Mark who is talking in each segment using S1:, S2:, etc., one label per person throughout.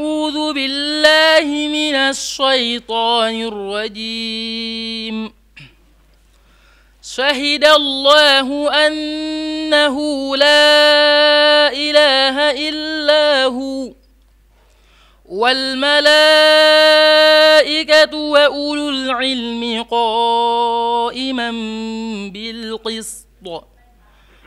S1: أعوذ بالله من الشيطان الرجيم شهد الله أنه لا إله إلا هو والملائكة وأولو العلم قائما بالقسط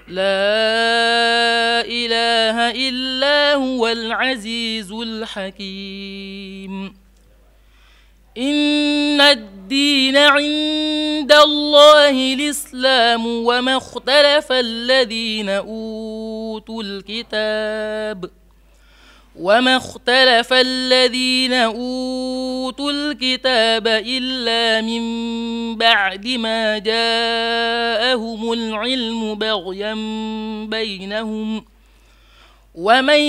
S1: لا إله إلا هو العزيز الحكيم إن الدين عند الله الإسلام وما اختلف الذين أوتوا الكتاب ۖ وما اختلف الذين اوتوا الكتاب الا من بعد ما جاءهم العلم بغيا بينهم ومن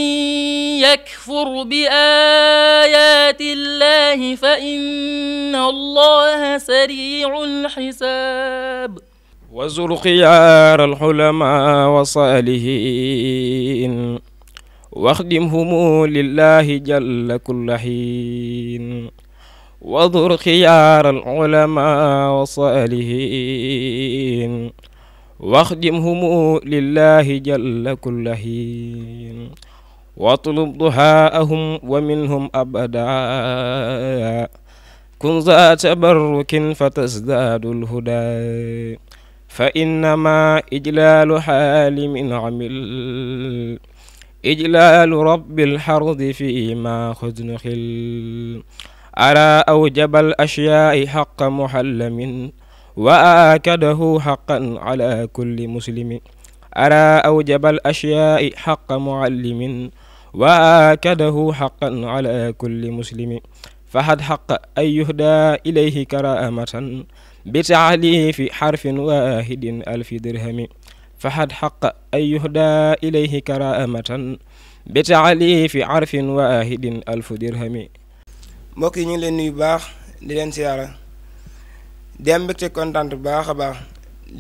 S1: يكفر بايات الله فان الله سريع الحساب
S2: وزر خيار الحلماء وصالحين واخدمهم لله جل كل حين واذر خيار العلماء والصالحين واخدمهم لله جل كل حين واطلب ضحاءهم ومنهم أبدا كن ذا تبرك فتزداد الهدى فإنما إجلال حال من عمل ijlaalu rabbil xardi fi ma xusnu xil ara aw jabal ashyaai xaqa muhallamin wa aakadahu xaqan ala kulli muslimi ara aw jabal ashyaai xaqa muallimin wa aakadahu xaqan ala kulli muslimi faxad xaqa ay yuhda ilayhi karaamatan bi taalifi xarfin waahidin alfi dirhami فحد حق أن يهدى إليه كرامة بتعليف fi واحد ألف درهم
S3: mbokk yi ñu ngi leen nuyu baax di leen siyaara di am mbégte kontaan bu baax a baax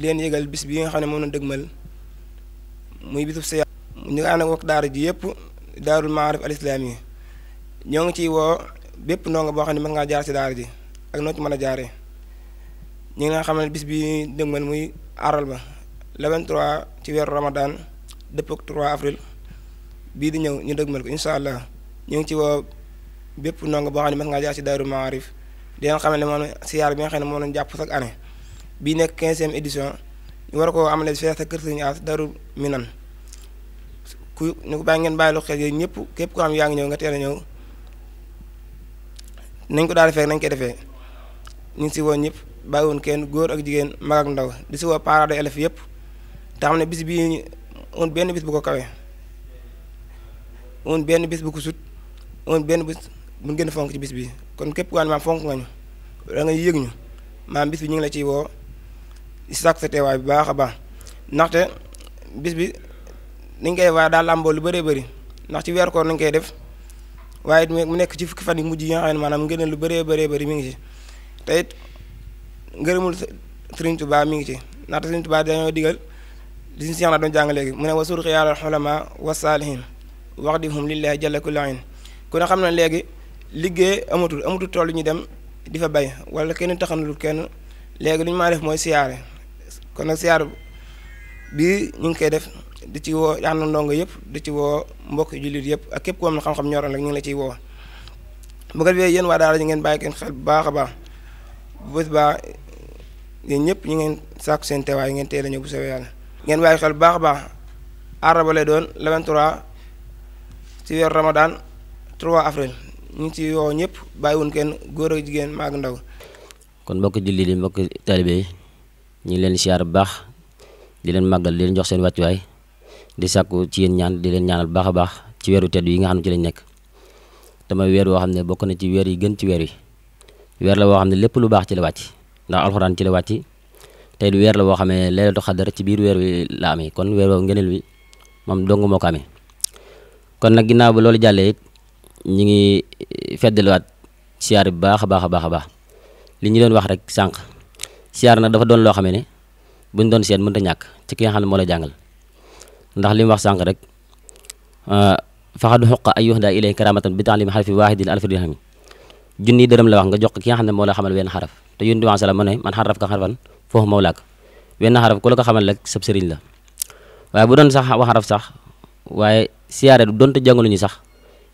S3: leen yëgal bis bi nga xam ne moom na dëgmal muy bisub siyaara ñu nga ànd ak daara ji yëpp daarul maarif al islaam yi ñoo ngi ciy woo bépp ndongo boo xam ne mën ngaa jaar si daar ji ak noo ci mën a jaare ñu ngi nga xam ne bis bi dëgmal muy aral ba le 23 ci weeru Ramadan dëppog 3 avril bii di ñëw ñu dëgmal ko incha allah ñu ngi ci woo bépp ndongo boo xam ne mën ngaa jaar ci Daaru Maarif di leen xamal ne moom siyaar bi nga xam ne moom lañ jàpp chaque année bii nekk 15e édition ñu war koo amalee fexe kër Sëriñ As Daaru Minan ku ñu ko bàyyi ngeen bàyyi lu xel yooyu ñëpp képp ko xam yaa ngi ñëw nga teel a ñëw nañ ko daal defee nañ koy defee ñu ngi si woo ñëpp bàyyiwuñ kenn góor ak jigéen mag ak ndaw di si woo parents d'élèves yëpp. te xam ne bis bii woon benn bis bu ko kawee woon benn bis bu ko sut woon benn bis bu ngeen fonk ci bis bi kon képp ku maam fonk nga ñu da nga yëg ñu ngi la ciy woo sàkk sa bu baax a baax ndaxte bis bi niñ koy waa daal làmboo lu bare bari ndax ci weer koor nañ koy def waaye mu nekk ci fukki fan yi mujj yi nga xam ne maanaam ngeen lu bëree bëree bëri ngi ci te it ngërëmul Sëriñ Tuubaa mi ngi ci ndaxte Sëriñ Tuubaa dañoo digal. li si yàlla doon jàng léegi mu ne wa surqi yàlla xulama wa saalihin wax di hum lillahi jalla kulli ayn ku ne xam na léegi liggéey amatul amatul tool yu ñu dem di fa bay wala kenn taxanul kenn léegi lu ñu maa def mooy siyaare kon nag siyaar bi ñu ngi koy def di ci woo ànd ndongo yëpp di ci woo mbokk jullit yëpp ak képp koo xam ne xam-xam ñoroon rek ñu ngi la ciy woo bu ko defee yéen waa daara ñu ngeen bàyyi kenn xel bu baax a baax bu bés ñëpp ñu ngeen sàkku seen teewaay ngeen teel a yàlla ngeen bàyyi xel bu baax baax àrraba lay doon le 23 ci weer Ramadan trois avril ñu ngi ci yoo ñëpp bàyyi wuñ kenn góor ak jigéen mag ndaw.
S4: kon mbokk julli di mbokk taalibe yi ñu ngi leen di siyaar bu baax di leen màggal di leen jox seen waay di sàkku ci yéen ñaan di leen ñaanal baax a baax ci weeru tedd yi nga xam ne ci lañ nekk damay weer woo xam ne bokk na ci weer yi gën ci weer yi weer la woo xam ne lépp lu baax ci la wàcc ndax alxuraan ci la wàcc. te du weer la boo xam ne leelatu xadar ci biir weer wi la amee kon weer woowu ngëneel wi moom dong moo ko kon nag ginnaaw ba loolu jallee it ñu ngi eh, feddaliwaat siyaar bu baax a baax a baax baax li ñu doon wax rek sanq siyaar na dafa doon loo xam ne buñ doon mun mënta ñàkk ci ki nga xam ne moo la jàngal ndax li mu wax sànq rek ah, faxadu xoqa ay yuxda ilay karamatan bi taalim xarfi waahidin alfi dirhami junni dërëm la wax nga jox ki nga xam ne moo la xamal wenn xaraf te yónni wa sallam mu ne man xaraf ka foofu mawlaak wenn la ko xamal rek sab sëriñ la waaye bu doon sax wax xaraf sax waaye siyaare donte jàngaluñu sax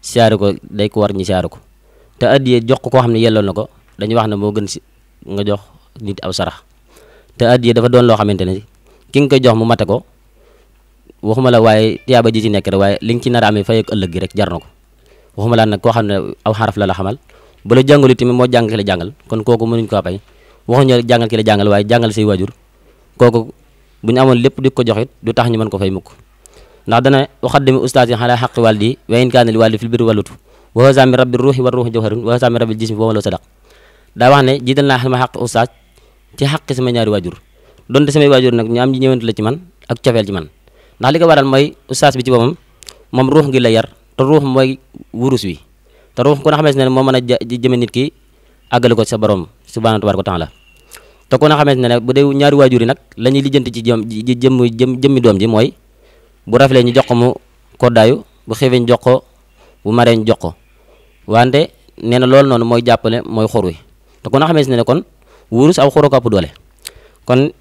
S4: siyaare ko day ko war ñu ko te addiye jox ko koo xam ne yelloon na ko dañuy wax ne moo gën si nga jox nit aw sarax te addiye dafa doon loo xamante ne ki nga jox mu mate ko waxuma la waaye tiyaaba ji ci nekk rek waaye li nga ci nar a amee fay ak ëllëg gi rek jar ko waxuma laa nag koo xam ne aw xaraf la la xamal bu la jàngalu tamit moo jàng ki jàngal kon kooku mënuñ koo pay waxuñu rek jàngal ki la jàngal waaye say waajur kooku bu ñu amoon di ko joxit du tax ñu mën ko fay mukk ndax dana waxaddami ustaas yi xalaa xaqi waldi wa in kaana li waldi fil birri wa haza min rabbi wa ruuxi jawharun wa haza min rabbi jismi wa ma loo sadaq daa wax ne jiital naa sama xaq ustaas ci xaqi sama ñaari waajur donte samay waajur nag ñu am ñëwante la ci man ak cofeel ci man ndax li ko waral mooy ustaas bi ci boppam moom ruux gi la yar te ruux mooy wurus wi te ruux ku na a jëme nit ki àggale ko sa borom subhaanahu tabaaraka wa taala te ko na xamante ne bu dee ñaari waajur yi nag la ñuy lijjanti ci jëm ji jëm jëmmi doom ji mooy bu raflee ñu jox ko mu koddaayu bu xiifee ñu jox ko bu maree ñu jox ko wante nee na loolu noonu mooy jàppale mooy xur wi te ko na xamante ne kon wurus aw xuroo ko ëpp doole kon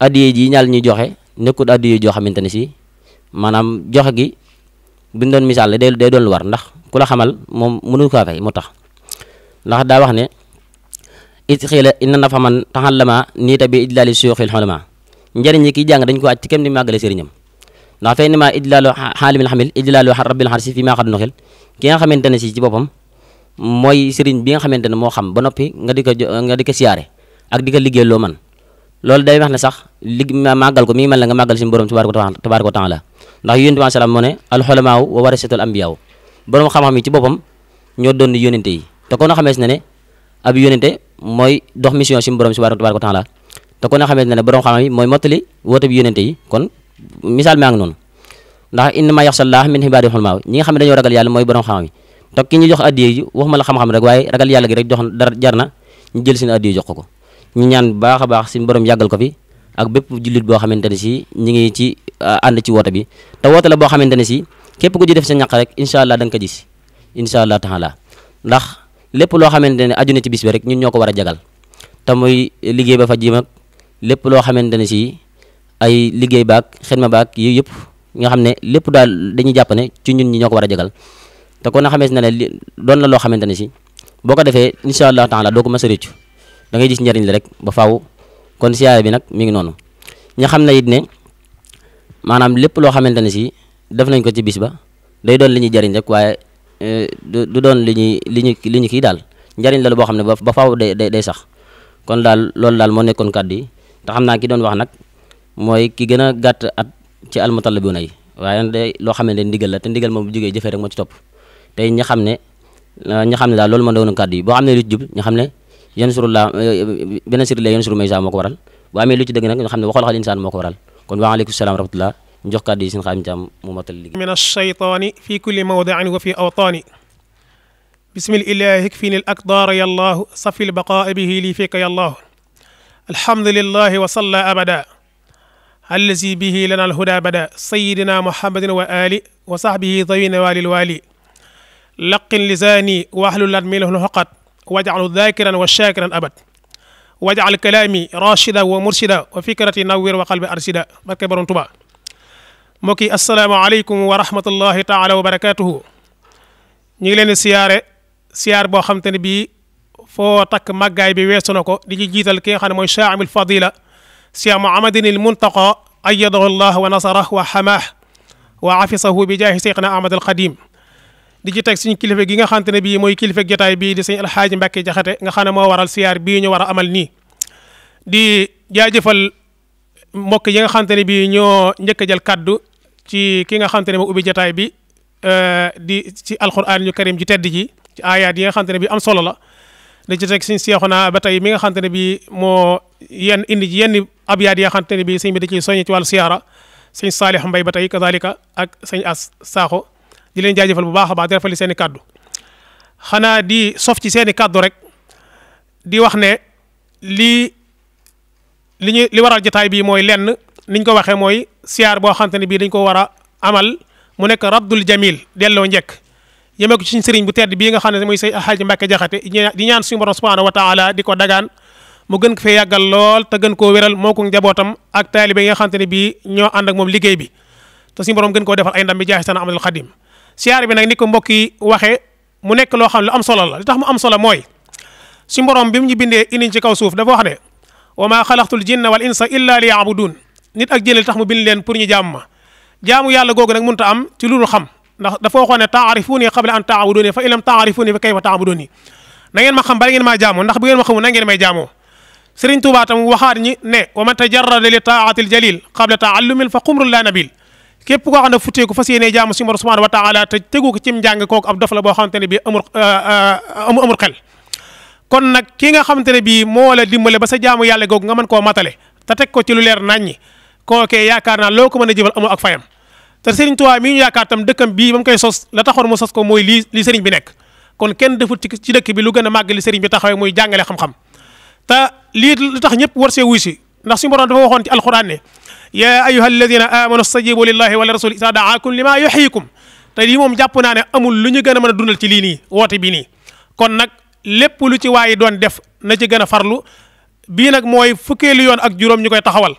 S4: addiye ji ñaar ñuy joxe nekkul addiye joo xamante ne si maanaam joxe gi buñ doon misaal day day doon lu war ndax ku la xamal moom mënu kaa fay moo tax ndax daa wax ne. it xiila inna nafa man taxallama niita bi idlaali suyuxil xulama njëriñ yi kiy jàng dañ ko aj ci kem ni màggale sëriñam ndax fay ni ma idlaalu xaalimil xamil idlaalu rabbil xarsi fi maa xad noxil ki nga xamante ko nga di ko siyaare ak di ko liggéey loo man loolu day wax ne sax lig màggal ko mi ngi mel ne nga màggal suñu borom tabaaraka wa taala ndax borom xam-xam yi ci boppam ñoo doon yonente yi te kon xamees na ne ab yonente mooy dox mission si borom subhanahu tabaraka wa taala te kon a xamante ne ne borom xam-xam yi mooy mottali woote bi yónente yi kon misaal maa ngi noonu ndax innama yaxsallah min ibaadihi xulmaa ñi nga xam ne dañoo ragal yàlla mooy borom xam-xam yi te ki ñu jox addiye ji xam-xam rek waaye ragal yàlla gi rek jox dara jar na ñu jël seen addiye jox ko ñu ñaan baax a baax suñu borom yàggal ko fi ak bépp jullit boo xamante ne si ñi ngi ci ah, ànd ci woote bi te woote la boo xamante ne si képp ku ci def sa ñaq rek incha allah da nga ko gis incha allah lépp loo xamante ne aju na ci bis rek ñu ñoo ko war a jagal te muy liggéey ba fa ji mag lépp loo xamante ne si ay liggéey baag xidma baag yooyu yëpp nga xam ne lépp daal dañuy jàpp ne ci ñun ñi ñoo ko war a jagal te kon na xamee ne li doon na loo xamante ne si boo ko defee incha allah taala doo ko mës a rëccu da ngay gis njëriñ la rek ba faaw kon siyaare bi nag mi ngi noonu ñi xam ne it ne lépp loo xamante ne si def nañ ko ci bis ba day doon li ñuy jëriñ rek waaye du doon li ñuy li ñu li ñu kii daal njariñ la boo xam ne ba ba faaw day day sax kon daal loolu daal moo nekkoon kàddu yi te xam naa ki doon wax nag mooy ki gën a gàtt at ci almutalabuna yi waaye nag day loo xam ne ndigal la te ndigal moom bu jógee jëfee rek moo ci topp tey ñi xam ne ñi xam daal loolu moo doon kàddu yi boo xam ne lu ci jub ñi xam ne yansurullah benn sirri la yansuru may sa moo ko waral bu amee lu ci dëgg nag ñi ne waxal xal insaan moo ko waral kon waaleykum salaam wa jox kàddu yi seen xaam jaam mu matal liggéey
S5: min alshaytaani fi kulli mawdiin wa fi awtaani bismi lilahi kfini l akdaar yallaahu safi lbaqaa bihi li fika yallaahu alhamdulillahi wa salla abada allazi bihi lana alhuda bada sayidina muhammadin wa ali wa sahbihi tawina walil wali laqin lisani waxlulat milahu xoqat wajcalu dakiran wa shakiran abad wajcal kalaami rachida wa murshida wa fikrati nawir wa qalbi arshida barke borom Tuba mbokk yi asalaamaaleykum wa rahmatullahi taala wa barakaatuhu ñu ngi leen di siyaare siyaar boo xam te ne bii foo takk màggaay bi weesu na ko di ci jiital ki nga xam ne mooy chaamil fadila cheikh mohamadinil muntaqa ayadahu llah wa nasarah wa xamaah wa afisahu bi jaahi cheikhna ahmad al qadim di ci teg suñu kilifa gi nga xam te ne bii mooy kilifa jotaay bii di sëñ alxaaji mbàkke jaxate nga xam ne moo waral siyaar bii ñu war amal nii di jaajëfal mbokk yi nga xam ne bii ñoo njëkk jël kaddu ci ki nga xamante ne moo ubbi jataay bi euh, di ci alxuraan ñu karim ji tedd ji ci aayaat yi nga xamante ne bi am solo la da ci teg suñ seexuna ba tey mi nga xamante ne bi moo yenn indi ji yenn abyaat yi nga xamante ne bi sëñ bi da ciy soññi ci wàllu siyaara sëñ saalix mbay ba tey kazalika ak sëñ as saaxo di leen jaajëfal bu baax a baax di rafetlu seen i xanaa di sof ci seeni i kàddu rek di wax ne lii li ñu li waral jataay bi mooy lenn niñ ko waxee mooy siyaar boo xamante ne bii dañ ko war a amal mu nekk rabdul jamil delloo njekk yemee ko ci sëriñ bu tedd bii nga xam ne mooy say alxaaji Mbàkke jaxate di ñaan suñu borom subhanahu wa taala di ko dagaan mu gën ko fee yàggal lool te gën koo wéral moo ko njabootam ak taalibe yi nga xamante ne bii ñoo ànd ak moom liggéey bi te suñu borom gën koo defal ay ndam bi jaaxi sana amadul xadim siyaar bi nag ni ko mbokk yi waxee mu nekk loo xam ne lu am solo la li tax mu am solo mooy suñu borom bi mu ñu bindee iniñ ci kaw suuf dafa wax ne wa maa xalaqtul jinna wal insa illa li yaabudun nit ak jëlil tax mu bind leen pour ñu jaamu ma jaamu yàlla googu nag mënut am ci lu xam ndax dafa waxoon ne taarifuni qabla an taabuduni fa ilam taarifuni fa kayfa taabuduni na ngeen ma xam bala ngeen ma xamul na ngeen may jaamoo Sëriñ Tuubaa tam waxaat ñi ne wa man tajarrada li taatil jalil qabla taallumin fa xumrun la nabil képp koo xam ne futteeku jaamu suñu subhanahu wa taala tegu ko cim njàng ab dof boo xamante ne bii amul euh, euh, amul kon nag ki nga xamante ne bii moo dimbale ba sa jaamu yàlla googu nga mën koo matale te teg ci lu leer naññi kookee yaakaar naa loo ko mën a jëbal amoo ak fayam ta Serigne Touba mii ñu yaakaar tam dëkkam bii ba mu koy sos la taxoon mu sos ko mooy lii li Serigne bi nekk kon kenn defut ci dëkk bi lu gën a màgg li Serigne bi taxawee muy jàngale xam-xam te lii lu tax ñëpp war see wuy si ndax suñu borom dafa waxoon ci alxuraan ne yaa ayyuha alladina amanu stajibu lillahi wala rasuli isa daakum lima yuhyikum te lii moom jàpp naa ne amul lu ñu gën a mën a dundal ci lii nii woote bi nii kon nag lépp lu ci waaye doon def na ci gën a farlu bii nag mooy fukkeelu yoon ak juróom ñu koy taxawal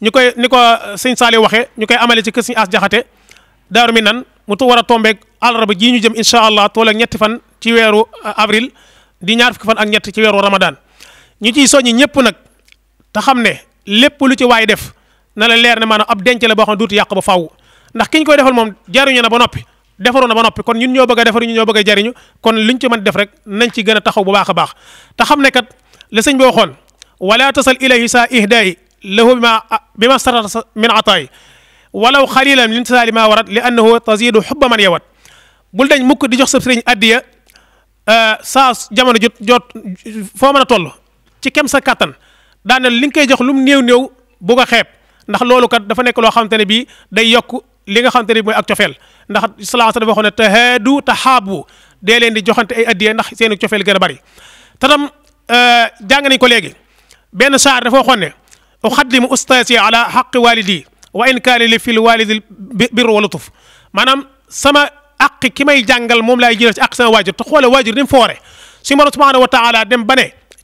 S5: ñu koy ni ko euh, sëñ Saali waxee ñu koy amale ci kër sëñ As Jaxate mi nan mu war a tombeeg àllarba jii ñu jëm incha allah toole ak ñetti fan ci weeru euh, avril di ñaar fukki fan ak ñett ci weeru Ramadan ñu ciy soññi ñëpp nag te xam ne lépp lu ci waay def na la leer ne maanaam ab denc la boo xam ne duutu yàq ba faaw ndax ki ñu koy defal moom jariñu na ba noppi defaru na ba noppi kon ñun ñoo bëgg a ñu ñoo bëgg a jariñu kon luñ ci mën def rek nañ ci gën taxaw bu baax a baax te xam ne kat la sëñ bi waxoon wala tasal ilayhi saa ihdaayi bi lahu bima bima sarata min ataay walaw xalilan min tisaali ma warat li annahu tazidu xubba man yawat bul dañ mukk di jox sa sëriñ addiya saa jamono jot jot foo mën a toll ci kem sa kàttan daaneel li nga koy jox lu mu néew néew bu ko ndax loolu kat dafa nekk loo xamante ne bii day yokk li nga xamante ne mooy ak cofeel ndax sallallahu alayhi wa sallam waxoon ne tahaadu tahaabu dee leen di joxante ay addiya ndax seen cofeel gën a bari te tam euh, jàng nañ ko léegi benn saar dafa waxoon uxaddimu ustaasi ala xaqi walidi wa in kaani li fil walidi birru wa lutuf maanaam sama aqi ki may jàngal moom laay jëlee ci aq sama waajur te xoole waajur ni mu foore suñu borom subhanahu wa taala dem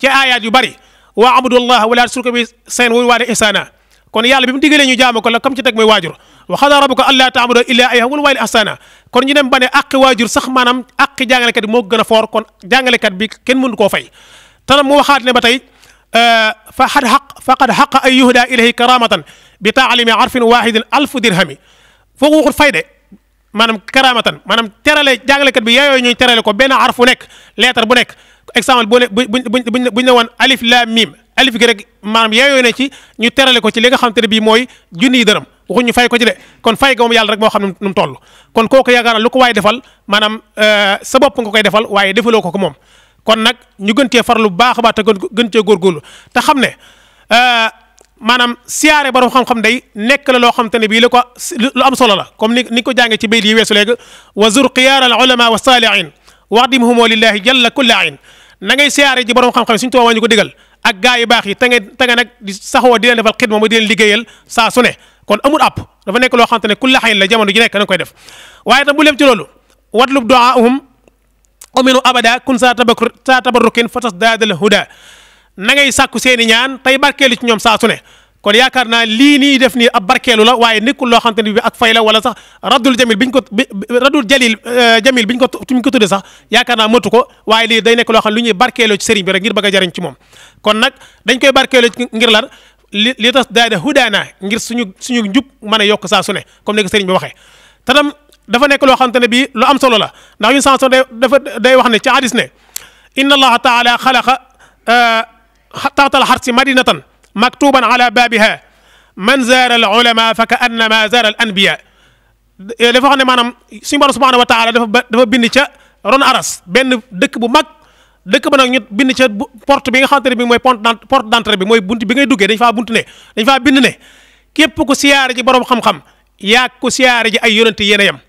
S5: ci ayaat yu bari wa abudullah wala tushriku bi seen wal waalidayni ihsana kon yàlla bi mu digalee ñu jaamu ko la comme ci teg mooy waajur wa qadaa rabbuka allaa ta'budu illaa iyyaahu wal waalidayni ihsana kon ñu dem ba aqi waajur sax maanaam aqi jàngalekat bi moo a foor kon jàngalekat bi kenn mënu koo fay tanam mu waxaat ne ba tey fa xad xaq faqad xaq ay yuhda ilayhi karamatan bi taalimi arfin wahidin alfu dirhami foogu waxut fay de maanaam karamatan maanaam terale jàngalekat bi yaayoo ñuy terale ko benn arfu nekk lettre bu nekk exemple bu ne buñ buñ ne woon alif lam mim alif gi rek maanaam yaayoo ne ci ñu terale ko ci li nga xam te ne bii mooy junniy dërëm waxuñ ñu fay ko ci de kon fay ga moom yàlla rek moo xam nu mu toll kon kooku yaakaar lu ko waay defal maanaam sa bopp nga koy defal waaye defaloo ko ko moom kon nag ñu gën cee farlu bu baax a baax te gën cee góorgóorlu te xam ne euh, maanaam siyaare borom xam-xam day nekk la loo xam te ne bii la ko lu am solo la comme ni ni ko jàngee ci bayt yi weesu léegi wa zur xiyaar al ulama wa saalihin waxdimhumoo lillahi jalla kulli ayn na ngay siyaare ji borom xam-xam suñu tubaab ñu ko digal ak gaa yu baax yi te nga te nga nag di saxoo di leen defal xidma mu di leen liggéeyal saa su ne kon app àpp dafa nekk loo xam te ne kulli ayn la jamono ji nekk da koy def uminu abada kun saa tabaru saa tabarukin fatas daadal huda na ngay sàkku seen ñaan tey barkeelu ci ñoom saa ne kon yaakaar naa lii nii def nii ab barkeelu la waaye nekkul loo xamante ni bi ak fay la wala sax radul jamil biñ ko radul jalil euh, jamil biñ ko tuñ ko tudde sax yaakaar naa matu ko waaye lii day nekk loo xam lu ñuy barkeeloo ci sëriñ bi rek ngir bëgg a moom kon nag dañ koy barkeeloo ci ngir lan li li tas daada hudaana ngir suñu suñu njub mën a yokk saa su ne comme ni ko sëriñ waxee dafa nekk loo xamante ne bii loo am solo la ndax une chanson day dafa day wax ne ci hadis ne inna allaha taala xalaqa eh, taxtal xarsi madinatan maktuban ala babiha man zaara al ulama fa ka annama zaara al anbiya eh, dafa xam ne maanaam suñu borom subhanahu wa taala dafa dafa bind ca ron aras benn dëkk bu mag dëkk ba nag ñu bind ca porte bi nga xamante ne bi mooy porte d'entrée bi mooy bunt bi ngay duggee dañ faa bunt ne dañ faa bind ne képp ku siyaare ji borom xam-xam yaa ku siyaare ji ay yonent yéen a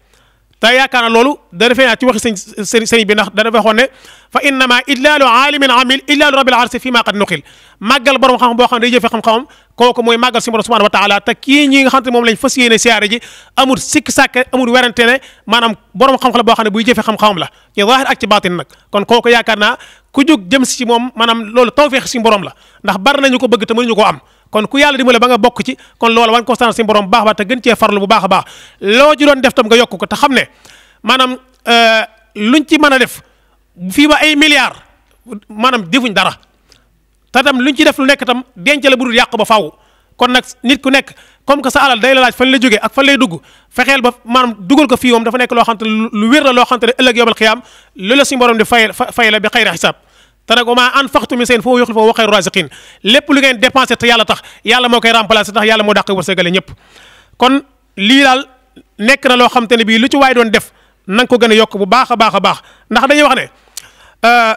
S5: te yaakaar na loolu dana feeñaat ci waxi sëñ sëriñ bi ndax dana waxoon ne fa innama idlaalu aalimin amil idlaalu rabbil arsi fii maa qad nuqil màggal borom xam-xam boo xam ne day jëfe xam-xamam kooku mooy màggal si borom subhanahu wa kii ñi nga xam te moom lañ fas yéene siyaare ji amul sikk sàkke amul werante ne maanaam borom xam-xam boo xam ne buy jëfe xam-xamam la ci zaahir ak ci baatin nag kon kooko yaakaar naa ku jóg jëm si moom maanaam loolu tawfeex si borom la ndax bari nañu ko bëgg te mënuñu ko am kon ku yàlla dimbale ba nga bokk ci kon loola wan ko sant si borom baax baax te gën cee farlu bu baax a baax loo ci doon def tam nga yokk ko te xam ne maanaam euh, luñ ci mën a def fii ba ay milliards maanaam defuñ dara te tam luñ ci def lu nekk tam denc la bu dul yàq ba faw kon nag nit ku nekk comme que sa alal day la laaj fan la jógee ak fan lay dugg fexeel ba maanaam dugal ko fii moom dafa nekk loo xam te lu wér la loo xam te ne ëllëg yobal xiyaam lu la suñu borom di fay fay la bi xayri xisaab te nag omaa an faxtu mi seen foo yoxul foo waxee rasiqin lépp lu ngeen dépensé te yàlla tax yàlla moo koy remplacé tax yàlla moo dàq wërsëgale ñëpp kon lii daal nekk na loo xam te ne bii lu ci waay doon def na ko gën a yokk bu baax baax a baax ndax dañuy wax ne euh,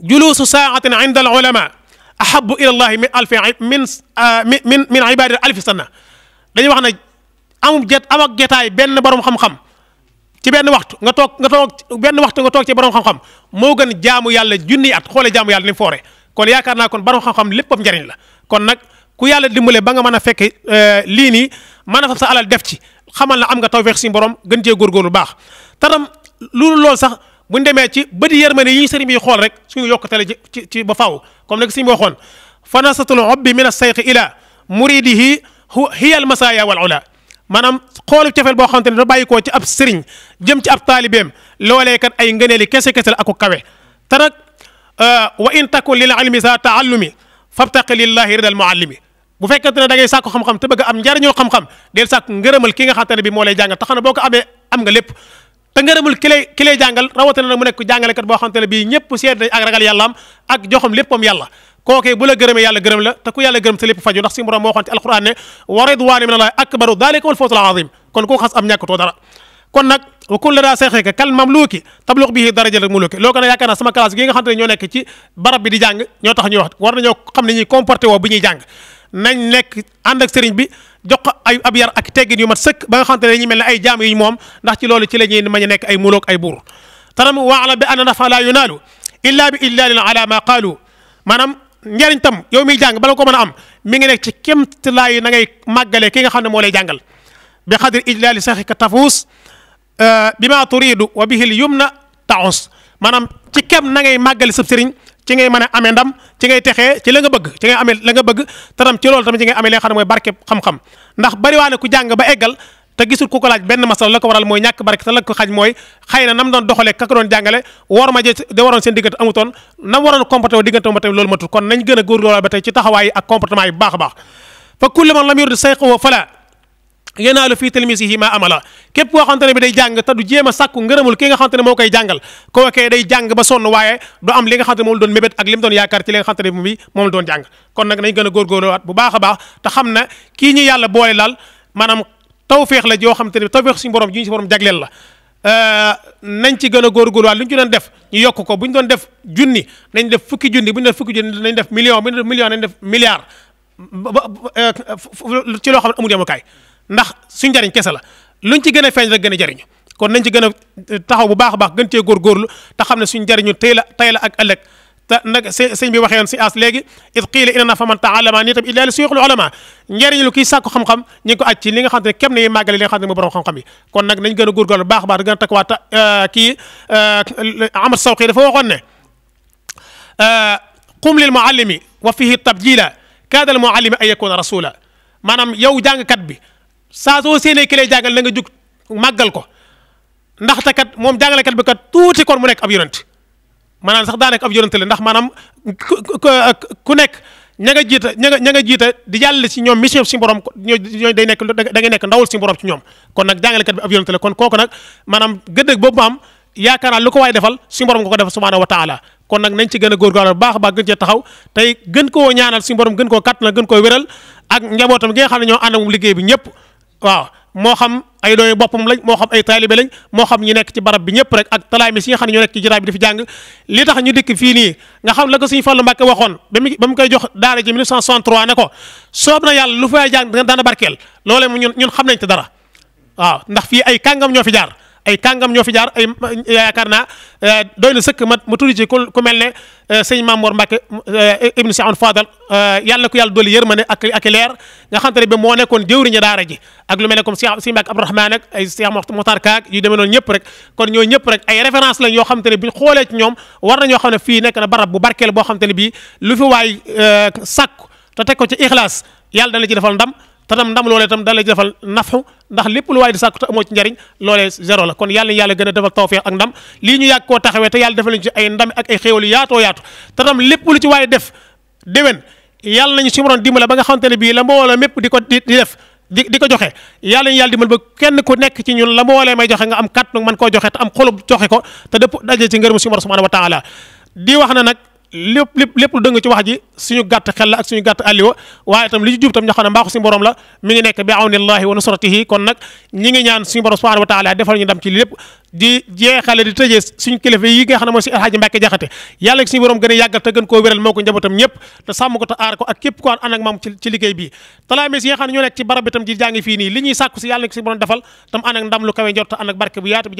S5: juluusu saatin inda al ulama ahabu ila allahi min alfi min euh, min min ibadati alfi sanna dañuy wax ne amum jet am ak jetaay benn borom xam-xam ci benn waxtu nga toog nga toog benn waxtu nga toog ci borom xam-xam moo gën jaamu yàlla junniy at xoole jaamu yàlla ni foore kon yaakaar naa kon borom xam-xam léppam njariñ la kon nag ku yàlla dimbale ba nga mën a fekk euh, lii nii mën a fab sa alal def ci xamal na am nga tawfeex si borom gën cee góorgóorlu baax taram loolu lool sax buñ demee ci bëti yërmande yi ñu sëriñ bi xool rek suñu yokkutale ci ci ba faaw comme nag suñu waxoon fanasatul obbi min as-sayqi ila muridihi hiya al masaya wal ula maanaam xoolu cofeel boo xamante ne da bàyyi koo ci ab sëriñ jëm ci ab taalibeem loolee kat ay ngëneeli kese kese la ako kawe te nag euh, wa in takun lil ilmi sa taallumi fabtaqi lillahi ridal muallimi bu fekkente ne da ngay sàkku xam-xam te bëgg am njariñoo xam-xam del sàkku ngërëmal ki nga xamante ne bi moo lay jàngal te ne boo ko amee am nga lépp te ngërëmul ki lay ki lay jàngal rawatina na mu nekk jàngalekat boo xamante ne bii ñëpp seet nañ ak ragal yàllaam ak joxam yàlla kookee bu la gërëmee yàlla gërëm la te ku yàlla gërëm sa lépp faju ndax si borom moo waxoon ci alquran ne wa ridwaanu min allahi akbaru dalika wal fawzul azim kon koo xas am ñàkkatoo dara kon nag wa kulla daa seexeeka kal mamluuki tablux bihi darajatal muluki loo ko ne yaakaar naa sama classe gi nga xam ne ñoo nekk ci barab bi di jàng ñoo tax ñuy wax war nañoo xam ne ñuy comporté woo bu ñuy jàng nañ nekk ànd ak sëriñ bi jox ko ay ab yar ak teggin yu mat sëkk ba nga xam ne dañuy mel ne ay jaam yuñ moom ndax ci loolu ci la ñuy mën a nekk ay muluk ay buur tanam waala bi anna nafa la yunaalu illa bi illaalin ala ma qaalu maanaam njariñ tam yow mi jàng bala ko mën a am mi ngi nekk ci kéemtalaay na ngay màggalee ki nga xam ne moo lay jàngal bi xadir ka saxika tafuus euh, bi maa turidu wa bihil yumna taons maanaam ci kem na ngay màggali sab sëriñ ci ngay mën a amee ndam ci ngay texe ci la nga bëgg ci ngay amee la nga bëgg te tam ci loolu tam ci ngay amee li nga xam mooy barke xam-xam ndax bariwaane ku jàng ba eggal te gisul ku ko laaj benn masal la ko waral mooy ñàkk barke te la ko xaj mooy xëy na nam doon doxalee ka doon jàngale war ma je de waroon seen diggante amutoon nam waroon comporté wu diggante ba tamit loolu matul kon a góorgóorlu ba tey ci taxawaay a baax fa kullu man lam yurid sayqahu fala yenaalu fii talmisihi a sàkku ngërëmul ki nga xamante jàngal koo kee day jàng ba sonn waaye du am li nga xamante ne moom doon mébét ak li mu doon yaakaar ci li nga xamante bi moom doon jàng kon nag nañ gën a góorgóorluwaat bu baax a baax te xam ne kii ñu yàlla boole laal maanaam taw tawféex la joo xam te ne tawféex suñu borom ji ñu si borom jagleel la euh, nañ ci gën a góorgóorluwaat lu ñu ci doon def ñu yokk ko bu doon def junni nañ def fukki junni bu ñu fukki junni nañ def million bu ñu def million nañ def milliard euh, ci loo xam ne ndax suñ njariñ kese la luñ ci gën a feeñ rek gën a jariñu kon nañ ci gën a euh, taxaw bu baax a baax gën cee góorgóorlu te xam ne suñ jariñu tey la tey la ak ëllëg te nag sëñ bi waxee woon si as léegi it qiila inna fa man taallama nii tam illa li suyuxul ulama njëriñ lu kiy sàkku xam-xam ñi ngi ko aj ci li nga xam ne kem nañuy màggale li nga xam te ne mu borom xam-xam yi kon nag nañ gën a góorgóorlu baax baax di gën a eh, kii eh, amat sawqi dafa waxoon ne eh, qum lil muallimi wa fihi tabjila kaada al muallimi an yakuna rasula maanaam yow jàngkat bi saa soo séenee ki lay jàngal na nga jug màggal ko ndaxte kat moom jàngalekat bi kat tuuti kon mu nekk ab yonent maanaam sax daanaka ab yonante la ndax maanaam ku nekk ña nga jiita ña ña nga jiita di jàllale si ñoom mission si borom ñooy day nekk da ngay nekk ndawul si borom ci ñoom kon nag jàngalekat bi ab yonante kon kooku nag maanaam gëdd boobu ma am yaakaar naa lu ko waay defal suñu borom nga ko defal subhanahu wa taala kon nag nañ ci gën a góorgóorlu bu baax a baax gën cee taxaw tey gën koo ñaanal si borom gën koo kàttanal gën koo wéral ak njabootam gi nga xam ne ñoo ànd moom liggéey bi ñëpp waaw moo xam ay doomi boppam lañ moo xam ay taalibe lañ moo xam ñu nekk ci barab bi ñëpp rek ak talaami si nga xam ne ñoo nekk ci jaraay di fi jàng li tax ñu dikk fii nii nga xam la ko suñu Fallu Mbàkke waxoon ba mu ba mu koy jox daara ci 1963 ne ko soob na yàlla lu fay jàng dana barkeel loolee mu ñun ñun xam nañ te dara waaw ndax fii ay kàngam ñoo fi jaar ay kàngam ñoo fi jaar ay yaakaar naa eh, doy na sëkk ma ma tudd ci ku mel ne eh, sëñ Mamour Mbacke eh, ibnu Saoun Fadal yàlla ko yàlla dolli yërmande ak ak leer nga xam te ne bi moo nekkoon jëwriñu daara ji ak lu mel ne comme Cheikh sëñ Mbacke Abdourahmane ak ay Cheikh Mokhtar Kaak yu demee noonu ñëpp rek kon ñoo ñëpp rek ay référence lañ yoo xam te ne bi xoolee ci ñoom war ñoo xam ne fii nekk na barab bu barkeel boo xam te ne bii lu fi waay sàkk te teg ko ci ixlaas yàlla dana ci defal ndam te tam ndam loolee tam da lay defal nafxu ndax lépp lu waaye di sàkku te amoo ci njariñ loolee zéro kon yàlla na yàlla gën a defal tawfeex ak ndam lii ñu yàgg koo taxawee te yàlla defal ñu ci ay ndam ak ay xéewal yaatoo yaatu te tam lépp lu ci waaye def déwén yàlla nañu si moroon ba nga xamante ne bii la mbooloo mépp di ko di def di di ko joxe yàlla nañu yàlla dimbal ba kenn ku nekk ci ñun la mboolee may joxe nga am kàttan mën koo joxe te am xolub joxe ko te dëpp wax na nag lépp lépp lépp lu dëng ci wax gàtt xel la ak suñu gàtt àlliwa waaye itam li jub tam ñoo xam ne mbaaxu la mi ngi nekk bi awnillahi wa nasratihi kon nag ñi ngi ñaan suñu borom subhanahu wa defal ñu ndam gën a yàggal te gën koo sàmm ko te aar ko ak képp ko ànd ak moom ci liggéey bii talaame si yi ñoo nekk ci barab bi tam di jàngi fii li ñuy sàkku si yàlla suñu borom defal tam ànd ak kawe njort te barke bu yaatu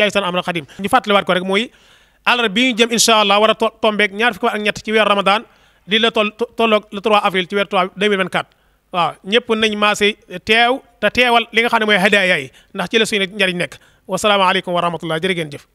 S5: àllar bi ñu jëm incha allah war a tombeeg ñaar fukki fan ak ñett ci weer ramadan di la toll tolloog le 3 avril ci weer 3 2024 waaw ñëpp nañ maasé teew te teewal li nga xam ne mooy hadaaya yi ndax ci la suñu njariñ nekk wasalaamaaleykum wa rahmatullah jërë ngeen jëf